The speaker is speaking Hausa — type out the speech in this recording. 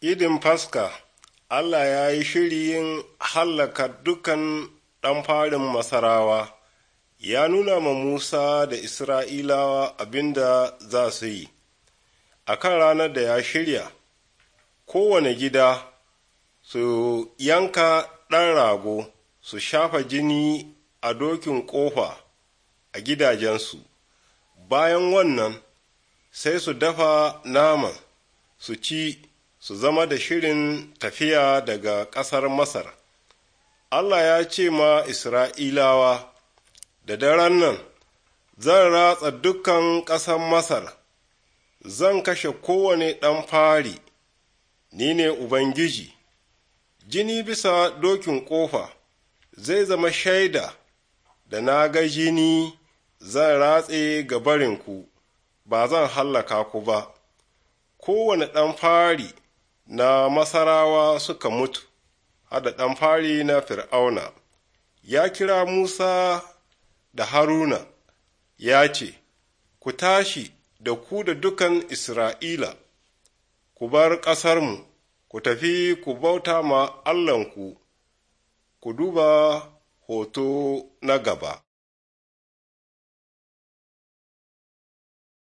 idin faska allah ya yi shiriyin hallaka dukan ɗan farin masarawa ya nuna ma musa da isra'ilawa abinda za su yi a kan ranar da ya shirya kowane gida su yanka ɗan rago su shafa jini a dokin ƙofa a gidajensu bayan wannan sai su dafa naman su ci su zama da shirin tafiya daga ƙasar Masar. Allah ya ce ma Isra'ilawa, da daren nan, zan ratsa dukan ƙasar Masar, zan kashe kowane ɗan fari, ni ne Ubangiji, jini bisa dokin ƙofa, zai zama shaida da na ga jini zan ratse ga barinku, ba zan hallaka ku ba, kowane ɗan fari. na Masarawa suka mutu, hada ɗan fari na Fir'auna, ya kira Musa da Haruna, ya ce, Ku tashi da ku da dukan Isra'ila, ku bar ƙasarmu, ku tafi ku bauta ma Allahnku, ku duba hoto na gaba.